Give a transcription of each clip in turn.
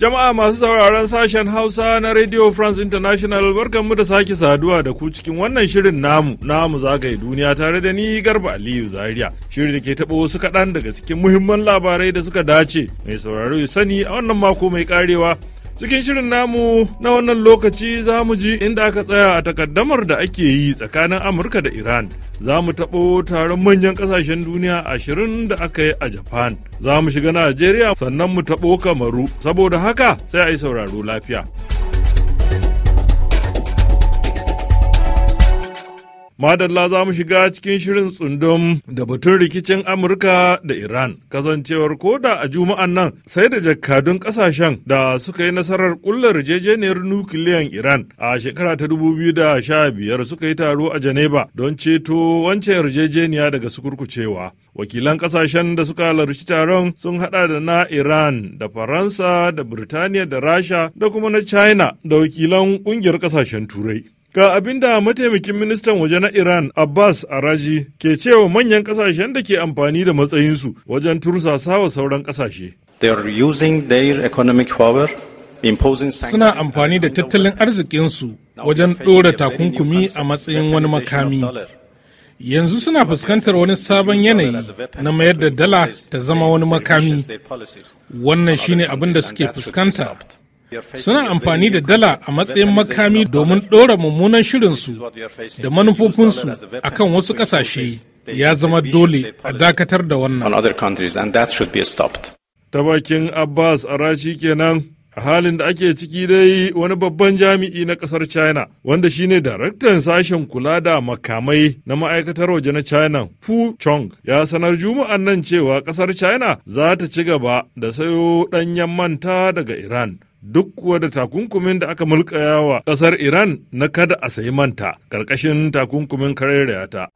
Jama'a masu sauraron sashen Hausa na Radio France International barkanmu da sake saduwa da ku cikin wannan shirin namu namu zagaye duniya tare da ni Garba Aliyu Zaria. Shirin da ke taɓa wasu kaɗan daga cikin muhimman labarai da suka dace mai sauraro sani a wannan mako mai karewa Cikin shirin namu na wannan lokaci za mu ji inda aka tsaya a takaddamar da ake yi tsakanin Amurka da Iran. Za mu taɓo taron manyan ƙasashen duniya ashirin da aka yi a Japan. Za mu shiga Najeriya sannan mu taɓo Kamaru. Saboda haka sai a yi sauraro lafiya. Madalla za mu shiga cikin shirin tsundum da batun rikicin Amurka da Iran, kasancewar koda a juma'an nan sai da jakadun kasashen da suka yi nasarar kullar yarjejeniyar nukiliyan Iran a shekara ta 2015 suka yi taro a Janeba don ceto wancan yarjejeniya daga sukurkucewa. Wakilan kasashen da suka halarci taron sun hada da na Iran da Faransa da Birtaniya da Rasha da kuma na China da wakilan kungiyar kasashen Turai. Ga abin da mataimakin ministan waje na Iran Abbas Araji ke cewa manyan kasashen da ke amfani da matsayinsu wajen tursasawa sauran kasashe. Suna amfani da tattalin arzikinsu wajen ɗora takunkumi a matsayin wani makami. Yanzu suna fuskantar wani sabon yanayi na mayar da dala ta zama wani makami. Wannan shine abin da suke fuskanta. Suna amfani da dala a matsayin makami domin ɗora mummunan shirinsu da manufofinsu a kan wasu ƙasashe ya zama dole a dakatar da wannan. Ta bakin Abbas Arashi kenan a halin da ake ciki dai wani babban jami'i na ƙasar China wanda shine daraktan sashen kula da makamai na ma'aikatar waje na China Fu Chong ya sanar juma'an nan cewa ƙasar China za ta ci gaba da sayo ɗanyen manta daga Iran. duk kuwa da takunkumin da aka mulkayawa wa ƙasar Iran na kada a sayi manta ƙarƙashin takunkumin karerayata.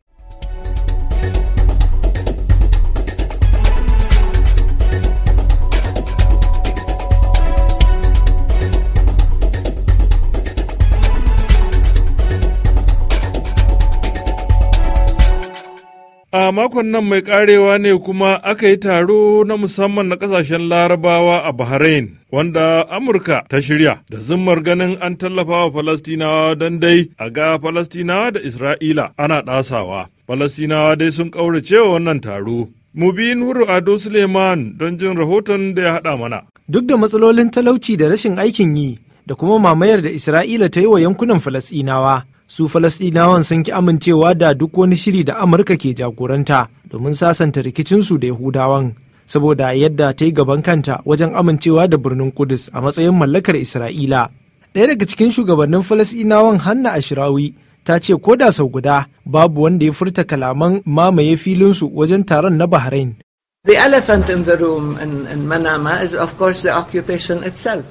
A makon nan mai karewa ne kuma aka yi taro na musamman na kasashen larabawa a Bahrain, wanda Amurka ta shirya da zimmar ganin an tallafa wa Falastinawa don dai a ga Falastinawa da Isra'ila ana ɗasawa. Falastinawa dai sun wa wannan taro. Mubin Huru Ado Suleiman don jin rahoton da ya haɗa mana. Duk da matsalolin talauci da rashin aikin yi da kuma mamayar da Isra'ila ta yi wa yankunan Falastinawa. su falasɗinawan sun ki amincewa da duk wani shiri da amurka ke jagoranta domin sasanta rikicinsu da yahudawan saboda yadda ta yi gaban kanta wajen amincewa da birnin kudus a matsayin mallakar isra'ila ɗaya daga cikin shugabannin falasɗinawan hanna ashirawi ta ce ko da sau guda babu wanda ya furta kalaman mamaye filinsu wajen taron na bahrain The elephant in the room in, in Manama is of course the occupation itself.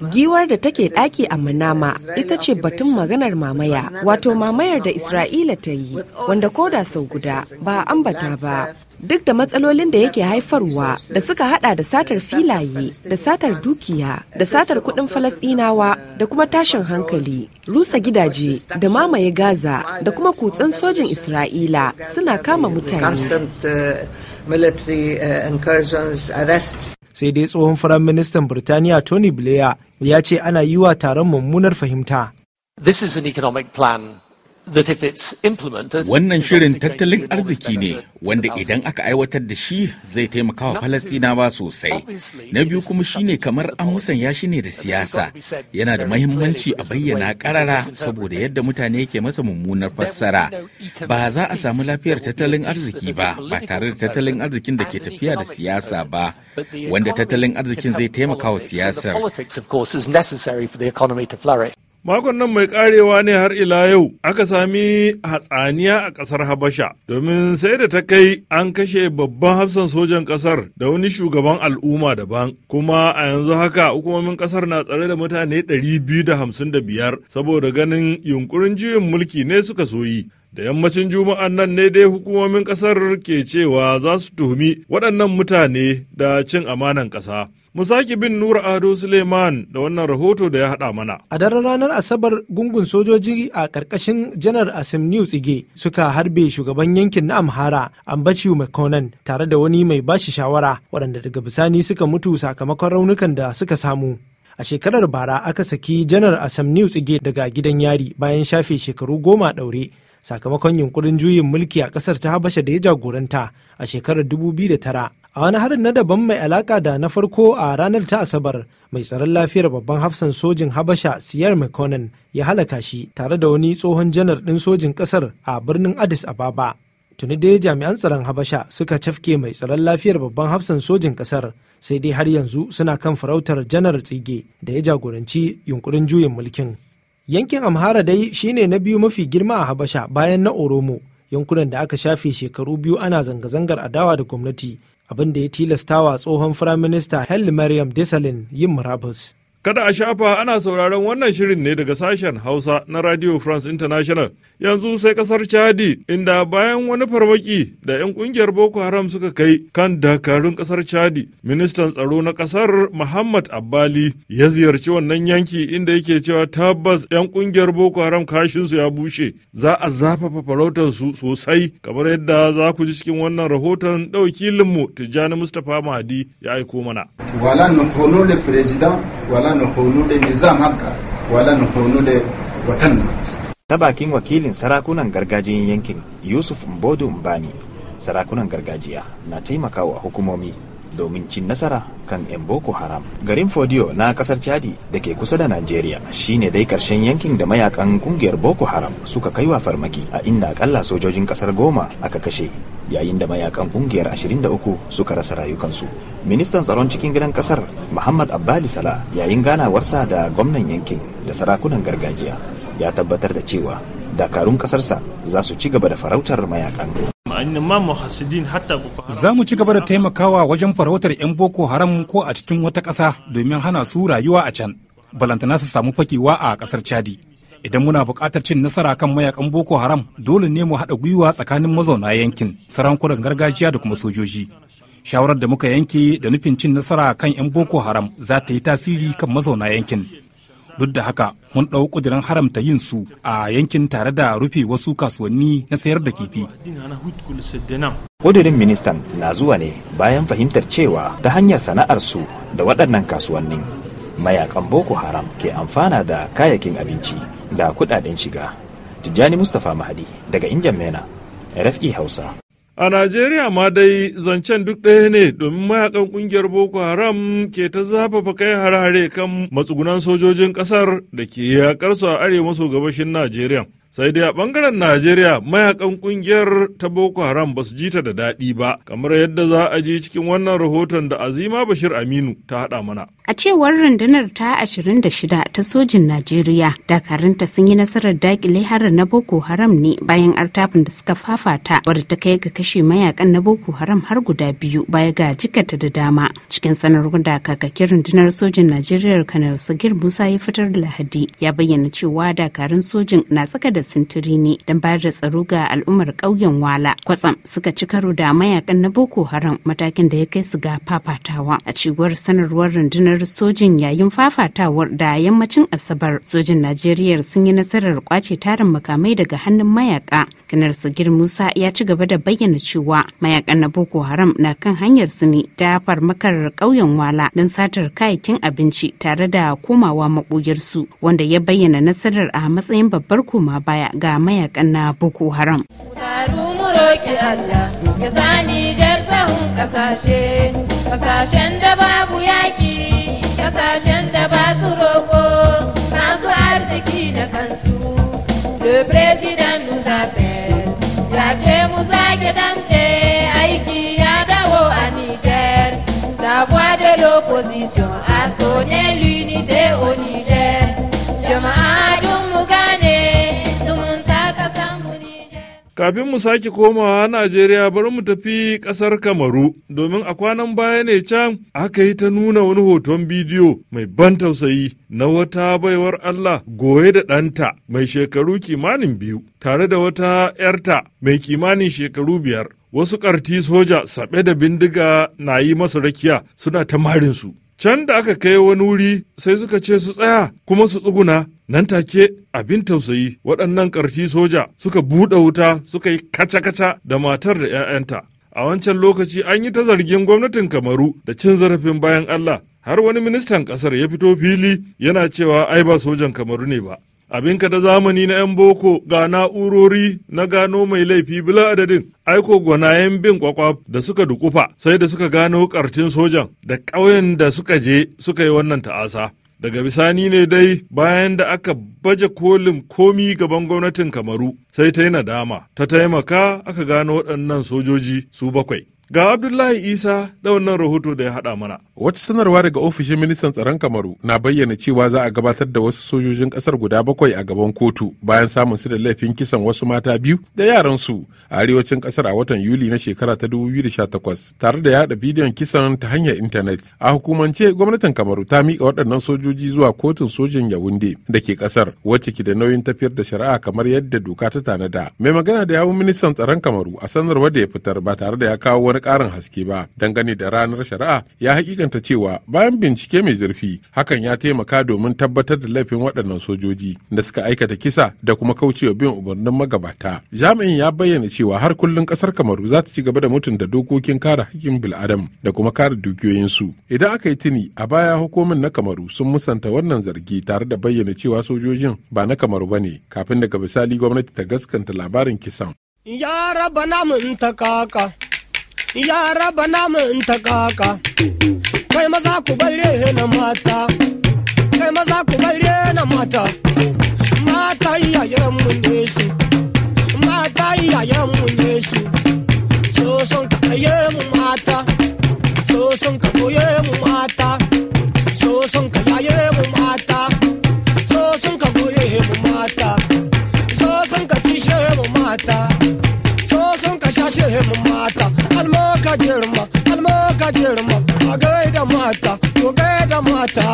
Giwar da take daki a Manama ita ce batun maganar mamaya, wato mamayar da Isra'ila ta yi, wanda koda sau guda ba ambata ba. Duk da matsalolin da yake haifarwa da suka hada da satar filaye, da satar dukiya, da satar kudin Falasdinawa, da kuma tashin hankali, rusa gidaje, da mamaye Gaza, da kuma kutsen sojin Isra'ila suna kama mutane. Uh, uh, sai dai tsohon firaministan Birtaniya Tony Blair ya ce ana yi wa taron mummunar fahimta. This is an economic plan Wannan shirin tattalin arziki ne wanda idan aka aiwatar da shi zai taimakawa wa Falastinawa sosai. Na biyu kuma shi ne kamar an musanya shi ne da siyasa. Yana da mahimmanci a bayyana karara saboda yadda mutane ke masa mummunar fassara. Ba za a samu lafiyar tattalin arziki ba, ba tare da tattalin arzikin da ke tafiya da siyasa ba, wanda tattalin arzikin zai taimaka wa siyasar. Makon nan mai karewa ne har ila yau aka sami hatsaniya a ƙasar Habasha domin sai da ta kai an kashe babban hafsan sojan ƙasar da wani shugaban al'umma daban kuma a yanzu haka hukumomin ƙasar na tsare da mutane 255 saboda ganin yunkurin juyin mulki ne suka soyi. da yammacin juma'an nan ne dai hukumomin ƙasar ke cewa za su tuhumi waɗannan mutane da cin amanan ƙasa Mu sake bin Nura Ado Suleiman da wannan rahoto da ya haɗa mana. A daren ranar Asabar gungun sojoji a ƙarƙashin Janar Asim New Tsige suka harbe shugaban yankin na Amhara Ambaciu Mekonan tare da wani mai bashi shawara waɗanda daga bisani suka mutu sakamakon raunukan da suka samu. a shekarar bara aka saki janar asam new tsige daga gidan yari bayan shafe shekaru goma ɗaure sakamakon yunkurin juyin mulki a ƙasar ta habasha da ya jagoranta a shekarar 2009 a wani harin na daban mai alaka da na farko a ranar ta asabar mai tsaron lafiyar babban hafsan sojin habasha siyar mcconnell ya halaka shi tare da wani tsohon janar ɗin sojin ƙasar a birnin addis ababa tuni dai jami'an tsaron habasha suka cafke mai tsaron lafiyar babban hafsan sojin ƙasar sai dai har yanzu suna kan farautar janar tsige da ya jagoranci yunkurin juyin mulkin yankin amhara dai shine na biyu mafi girma a habasha bayan na oromo yankunan da aka shafe shekaru biyu ana zanga-zangar adawa da gwamnati abin da ya wa tsohon firaminista Helen Maryam Desalegn yin murabus. Kada a shafa ana sauraron wannan shirin ne daga sashen Hausa na Radio France International. Yanzu sai kasar Chadi inda bayan wani farmaki da 'yan kungiyar Boko Haram suka kai kan dakarun kasar Chadi, ministan tsaro na kasar Muhammad Abbali ya ziyarci wannan yanki inda yake cewa tabbas 'yan kungiyar Boko Haram kashinsu ya bushe. Za a zafafa farautarsu sosai kamar yadda za ku ji cikin wannan rahoton ɗaukilinmu Tijjani Mustapha Mahdi ya aiko mana. Voilà, nous le président, voilà nuhunude nizaam harka wala nuhunude watanna. Ta bakin wakilin sarakunan gargajiyan yankin Yusuf mbodu Mbani, sarakunan gargajiya na taimakawa hukumomi domin cin nasara kan 'yan boko haram garin fodio na kasar chadi da ke kusa da najeriya shine dai karshen yankin da mayakan kungiyar boko haram suka kai wa farmaki a inda akalla sojojin kasar goma aka kashe yayin da mayakan kungiyar 23 suka rasa rayukansu ministan tsaron cikin gidan kasar muhammad abbali sala yayin ganawarsa da gwamnan yankin da sarakunan gargajiya ya tabbatar da cewa dakarun kasarsa za su ci gaba da farautar mayakan Za mu ci gaba da taimakawa wajen farautar 'yan Boko Haram ko a cikin wata ƙasa domin hana su rayuwa a can, balantana su samu fakewa a ƙasar Chadi. Idan muna buƙatar cin nasara kan mayakan Boko Haram, dole ne mu haɗa gwiwa tsakanin mazauna yankin, sarankunan gargajiya da kuma sojoji. Shawarar da muka yanke da nufin cin nasara kan 'yan Boko Haram za ta yi tasiri kan mazauna yankin. duk da haka mun ɗau ƙudurin haramta yin su a yankin tare da rufe wasu kasuwanni na sayar da kifi ƙudurin ministan na zuwa ne bayan fahimtar cewa ta hanyar sana'ar su da waɗannan kasuwannin mayakan boko haram ke amfana da kayakin abinci da kuɗaɗen shiga tijjani mustapha mahadi daga injin mena rfi hausa A Najeriya ma dai zancen duk ɗaya ne domin mayakan ƙungiyar Boko Haram ke ta zafafa kai hare-hare kan matsugunan sojojin ƙasar da ke yaƙar su a arewa maso gabashin Najeriya. Sai dai a ɓangaren Najeriya mayakan ƙungiyar ta Boko Haram ba su ji da daɗi ba, kamar yadda za a ji cikin wannan rahoton da Azima Bashir Aminu ta haɗa mana. A cewar rundunar ta 26 ta sojin Najeriya, dakarunta sun yi nasarar dakile harin na Boko Haram ne bayan artafin da suka fafata wadda ta kai ga kashe mayakan na Boko Haram har guda biyu baya ga jikata da dama. Cikin sanarwar da kakakin rundunar sojin Najeriya Kanar Sagir Musa ya fitar da Lahadi ya bayyana cewa dakarun sojin na tsaka da sintiri ne don bayar da tsaro ga al'ummar ƙauyen Wala. Kwatsam suka ci karo da mayakan na Boko Haram matakin da ya kai su ga fafatawa. A cewar sanarwar rundunar rundunar sojin yayin fafatawar da yammacin asabar sojin najeriya sun yi nasarar kwace tarin makamai daga hannun mayaka kanar sagir musa ya ci gaba da bayyana cewa mayakan na boko haram na kan hanyar su ne ta farmakar ƙauyen wala don satar kayakin abinci tare da komawa maɓoyarsu wanda ya bayyana nasarar a matsayin babbar koma baya ga mayakan na boko haram kasashen da babu kasashen da ba su roko masu arziki le président nous appelle La ce mu zage Aïki aiki ya dawo a niger la voix de l'opposition a sonné lui Kafin mu sake komawa Najeriya bari mu tafi ƙasar Kamaru domin a kwanan baya ne can aka yi ta nuna wani hoton bidiyo mai ban tausayi na wata baiwar Allah goye da ɗanta mai shekaru kimanin biyu tare da wata ‘yarta mai kimanin shekaru biyar. Wasu ƙarti soja saɓe da bindiga na yi masa rakiya suna ta marinsu. Can da aka kai wani wuri sai suka ce su tsaya kuma su tsuguna Nan take abin tausayi waɗannan ƙarfi soja suka buɗe wuta suka yi kaca-kaca da matar da 'ya'yanta. A wancan lokaci an yi ta zargin gwamnatin Kamaru da cin zarafin bayan Allah har wani ministan ƙasar ya fito fili yana cewa ai ba sojan Kamaru ne ba. Abin ka da zamani na 'yan boko ga na'urori na gano mai laifi bila adadin aiko gwanayen bin kwakwaf da suka dukufa sai da suka gano ƙartin sojan da ƙauyen da suka je suka yi wannan ta'asa. daga bisani ne dai bayan da aka baje kolin komi gaban gwamnatin kamaru sai ta yi nadama ta taimaka aka gano waɗannan sojoji su bakwai Ga Abdullahi Isa da wannan rahoto da ya haɗa mana. Wata sanarwa daga ofishin ministan tsaron Kamaru na bayyana cewa za a gabatar da wasu sojojin ƙasar guda bakwai a gaban kotu bayan samun su da laifin kisan wasu mata biyu da yaransu a arewacin ƙasar a watan Yuli na shekara ta 2018 tare da yaɗa bidiyon kisan ta hanyar intanet. A hukumance gwamnatin Kamaru ta miƙa waɗannan sojoji zuwa kotun sojin Yawunde da ke ƙasar wacce ke da nauyin tafiyar da shari'a kamar yadda doka ta tanada. Mai magana da yawun ministan tsaron Kamaru a sanarwar da ya fitar ba tare da ya kawo wani ƙarin haske ba dangane da ranar shari'a ya hakikanta cewa bayan bincike mai zurfi hakan ya taimaka domin tabbatar da laifin waɗannan sojoji da suka aikata kisa da kuma kaucewa bin umarnin magabata jami'in ya bayyana cewa har kullum ƙasar kamaru za ta ci gaba da mutunta dokokin kare hakkin bil'adam da kuma kare dukiyoyinsu idan aka yi tuni a baya hukumin na kamaru sun musanta wannan zargi tare da bayyana cewa sojojin ba na kamaru ba ne kafin daga misali gwamnati ta gaskanta labarin kisan ya raba mun ta kaka ya raba namun ta kaka kai maza ku bare na mata kai maza ku bare na mata mata iyayen mu ne su mata iyayen mu ne su so son ka aye mu mata so son ka koye mu mata so son ka aye mu mata so son ka koye mu mata so son ka she mu mata so son ka she mu mata girma alma ka girma a da mata to da mata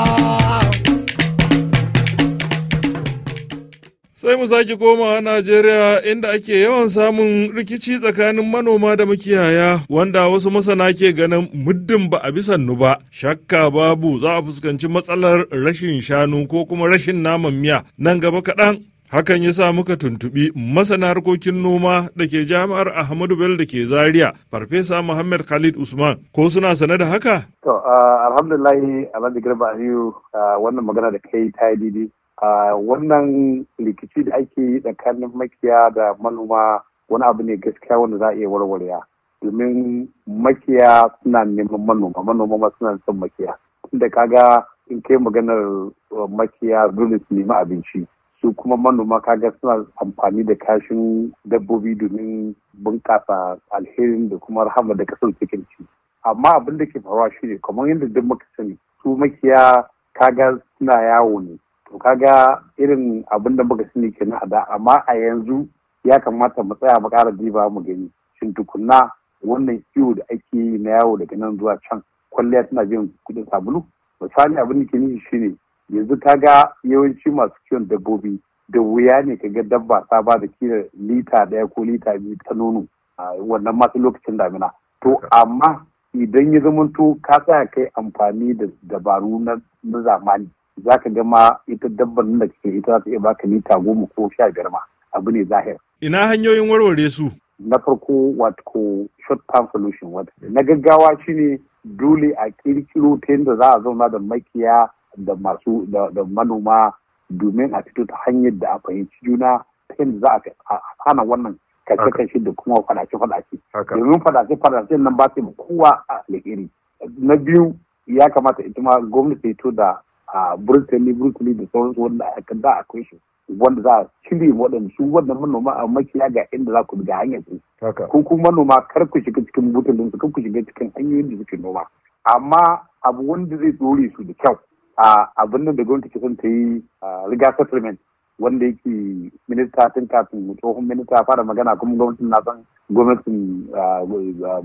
sai mu sake komawa Najeriya inda ake yawan samun rikici tsakanin manoma da makiyaya wanda wasu masana ke ganin muddin ba a bisannu ba shakka babu za a fuskanci matsalar rashin shanu ko kuma rashin naman miya nan gaba kaɗan Hakan ya sa muka tuntubi masana harkokin noma da ke jami'ar Ahmadu Bello da ke Zaria, Farfesa Muhammad Khalid Usman. Ko suna sane da haka? To, alhamdulahi Alhaji girma Aliyu wannan magana da kai ta yi Wannan rikici da ake yi tsakanin makiya da manoma wani abu ne gaskiya wanda za a iya warwarewa. domin makiya suna neman manoma manoma ma suna son makiya tunda kaga in kai maganar uh, makiya dole su nemi abinci su kuma manoma kaga suna amfani da kashin dabbobi domin bunƙasa alherin da kuma rahama da ƙasar cikin ci amma abin da ke faruwa shi ne kamar yadda duk muka sani su makiya kaga suna yawo ne to kaga irin abin da muka sani kenan a da amma a yanzu ya kamata mu tsaya mu ƙara diba mu gani shin tukunna wannan kiwo da ake yi na yawo daga nan zuwa can kwalliya tana biyan kuɗin sabulu misali abin da ke nufi ne. yanzu ka ga yawanci masu kiwon dabbobi da wuya ne ka ga dabba ta ba da kila lita daya ko lita biyu ta nono a wannan masu lokacin damina to amma idan ya zamanto ka tsaya kai amfani da dabaru na zamani za ka gama ita dabban nan da kake ita za ta iya baka lita goma ko sha biyar ma abu ne zahir. Ina hanyoyin warware su? Na farko wato short term solution wata. Na gaggawa shine dole a kirkiro ta yadda za a zauna da makiya da masu da manoma domin a fito ta hanyar da a fahimci juna ta yadda za a hana wannan kashe kashe da kuma fadace fadace domin fadace fadace nan ba yi kowa a alheri na biyu ya kamata ita ma gwamnati ta to da burtali burtali da sauransu wanda a da akwai shi wanda za a cire waɗanda su wannan manoma a makiya ga inda za ku ga hanyar su ko kuma manoma kar ku shiga cikin butulinsu, kar ku shiga cikin hanyoyin da suke noma amma abu wanda zai tsore su da kyau a abin da gwamnati ke son ta yi riga settlement wanda yake minista tun kafin tsohon minista fara magana kuma gwamnatin na san gwamnatin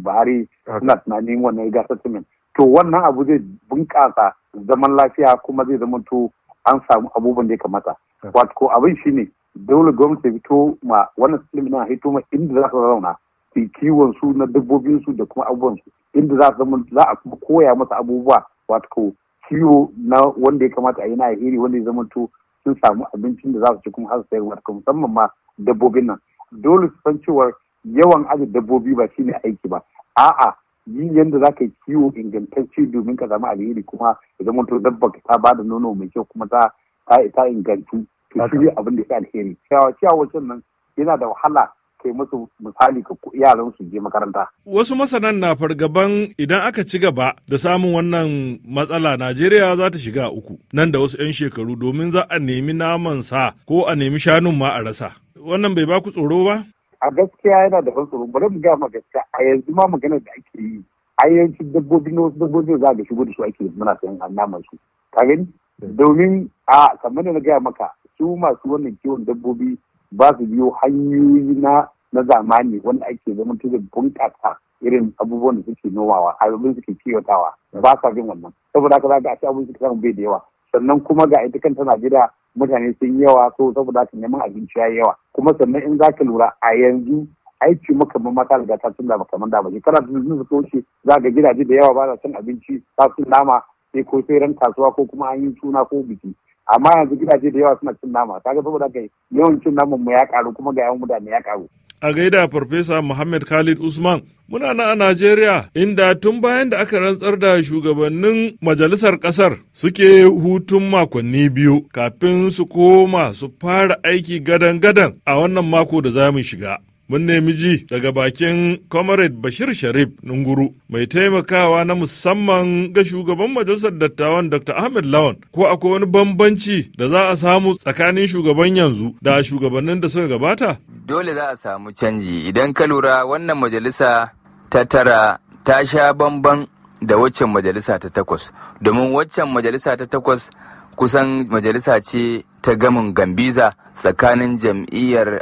buhari suna tunanin wannan riga settlement to wannan abu zai bunƙasa zaman lafiya kuma zai zama to an samu abubuwan da ya kamata wato abin shine dole gwamnati fito ma wannan settlement na haito ma inda za su zauna su kiwon su na dabbobin da kuma abubuwan su inda za a kuma koya masa abubuwa wato kiwo na wanda ya kamata a yi na alheri wanda ya to sun samu abincin da za su ci kuma har su sayar wato musamman ma dabbobin nan dole su san cewa yawan ajin dabbobi ba shine aiki ba a'a yi yadda za ka yi kiwo ingantacce domin ka samu alheri kuma ya zama to dabba ta ba da nono mai kyau kuma ta ta ingantu to shi abin da ya alheri ciyawa ciyawa nan yana da wahala kai musu misali ka yaran su je makaranta. Wasu masanan na fargaban idan aka ci gaba da samun wannan matsala Najeriya za ta shiga uku nan da wasu 'yan shekaru domin za a nemi naman sa ko a nemi shanun ma a rasa. Wannan bai baku tsoro ba? A gaskiya yana da tsoro bari mu gama gaskiya a yanzu ma maganar da ake yi a dabbobi na wasu dabbobi za ga shigo da su ake muna sayan naman su. Ka gani? Hmm. Domin a kamar da na gaya maka su masu wannan kiwon dabbobi ba su biyo hanyoyi na zamani wanda ake zama tuzin bunƙasa irin abubuwan da suke nomawa abin suke kiyotawa ba sa jin wannan saboda haka za ka ci abubuwan suke samun bai da yawa sannan kuma ga ita kanta Najeriya mutane sun yawa so saboda haka neman abinci ya yawa kuma sannan in za ka lura a yanzu aiki makaman mata da ta tun maka man da ba shekara tunanin zuzu ta shi za ga gidaje da yawa ba za cin abinci ta sun nama sai ko sai ran kasuwa ko kuma an yi suna ko biki amma yanzu gidaje da yawa suna cin nama kaga saboda haka yawan cin naman mu ya karu kuma ga yawan mutane ya karu a gaida farfesa Muhammad Khalid Usman muna na a Najeriya inda tun bayan da aka rantsar da shugabannin majalisar kasar suke hutun makonni biyu kafin su koma su fara aiki gadan-gadan a wannan mako da za mu shiga. mun nemi ji daga bakin comrade bashir sharif nunguru mai taimakawa na musamman ga shugaban majalisar dattawan dr ahmed lawan ko akwai wani bambanci da za a samu tsakanin shugaban yanzu da shugabannin da suka gabata dole za a samu canji idan ka lura wannan majalisa ta tara ta sha bamban da waccan majalisa ta takwas domin waccan majalisa ta takwas kusan majalisa ce ta gamin gambiza tsakanin jam'iyyar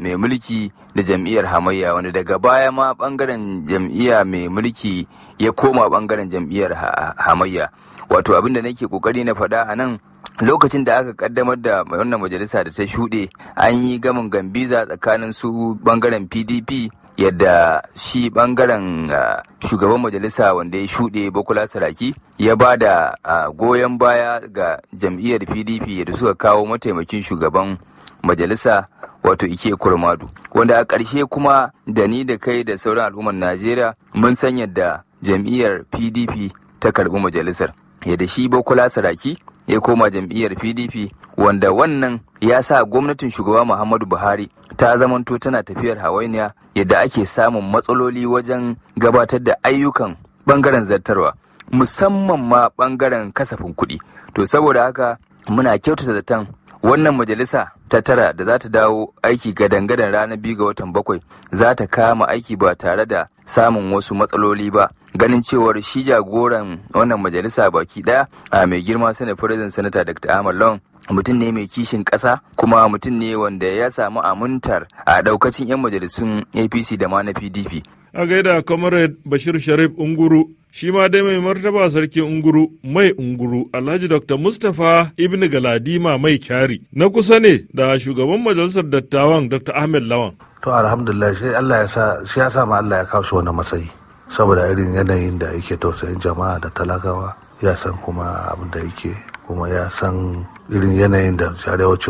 mai mulki da jam'iyyar hamayya wanda daga baya ma bangaren jam'iyya mai mulki ya koma bangaren jam'iyyar hamayya wato abinda nake kokari na faɗa a nan lokacin da aka kaddamar da wannan majalisa da ta shuɗe an yi gamin gambiza tsakanin su bangaren pdp yadda shi bangaren ah, shugaban majalisa wanda ya shuɗe bakula saraki ya ba da ah, goyon baya ga jam'iyyar pdp da suka kawo mataimakin shugaban majalisa wato ike kurmadu wanda a ƙarshe kuma da ni da kai da sauran al'ummar najeriya mun san yadda jam'iyyar pdp ta karɓi majalisar yadda shi bakula saraki ya koma jam'iyyar pdp wanda wannan ya sa gwamnatin shugaba muhammadu buhari ta zamanto tana tafiyar hawainiya yadda ake samun matsaloli wajen gabatar da ayyukan bangaren zartarwa musamman ma bangaren kasafin kuɗi to saboda haka muna kyautata zaton wannan majalisa ta tara da za ta dawo aiki gadan-gadan ranar biyu ga watan bakwai za ta kama aiki ba tare da samun wasu matsaloli ba ganin cewar shi jagoran wannan majalisa baki daya a mai girma sanar firizin sanata dr ahmad long mutum ne mai kishin kasa kuma mutum ne wanda ya samu amintar a daukacin 'yan majalisun apc da ma na pdp a gaida comrade bashir sharif unguru shi ma dai mai martaba sarkin unguru mai unguru alhaji dr mustapha ibn galadima mai kyari na kusa ne da shugaban majalisar dattawan dr ahmed lawan to alhamdulillah shi allah ya sa shi ya sa ma allah ya kawo shi wani matsayi saboda irin yanayin da yake tausayin jama'a da talakawa ya san kuma abin da yake kuma ya san irin yanayin da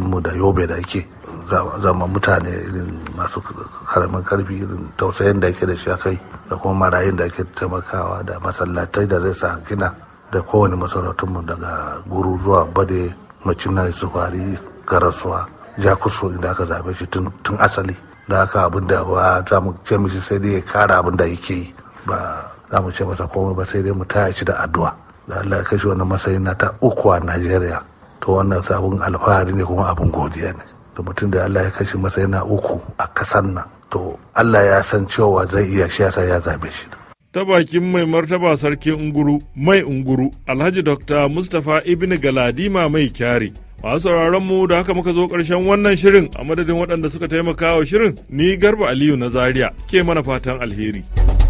mu da yobe da ake zama mutane irin masu karamin karfi irin tausayin da ake da shi kai da kuma marayun da ake taimakawa da masallatai da zai sa gina da kowane mu daga guru zuwa bade na su fari garasuwa jakuso inda aka zabe shi tun asali da aka abin da ba za mu ce mishi sai dai ya kara abin da yake yi ba za mu ce masa komai ba sai dai mu taya shi da addu'a da Allah ya kashe wani wannan na ta uku a Najeriya to wannan sabon alfahari ne kuma abin godiya ne da mutum da Allah ya kashe masa yana uku a kasan nan to Allah ya san cewa zai iya shi yasa ya zabe shi ta bakin mai martaba sarkin unguru mai unguru alhaji dokta mustapha ibn galadima mai kyari masu sauraron mu da haka muka zo karshen wannan shirin a madadin waɗanda suka taimaka wa shirin ni garba aliyu na zaria ke mana fatan alheri.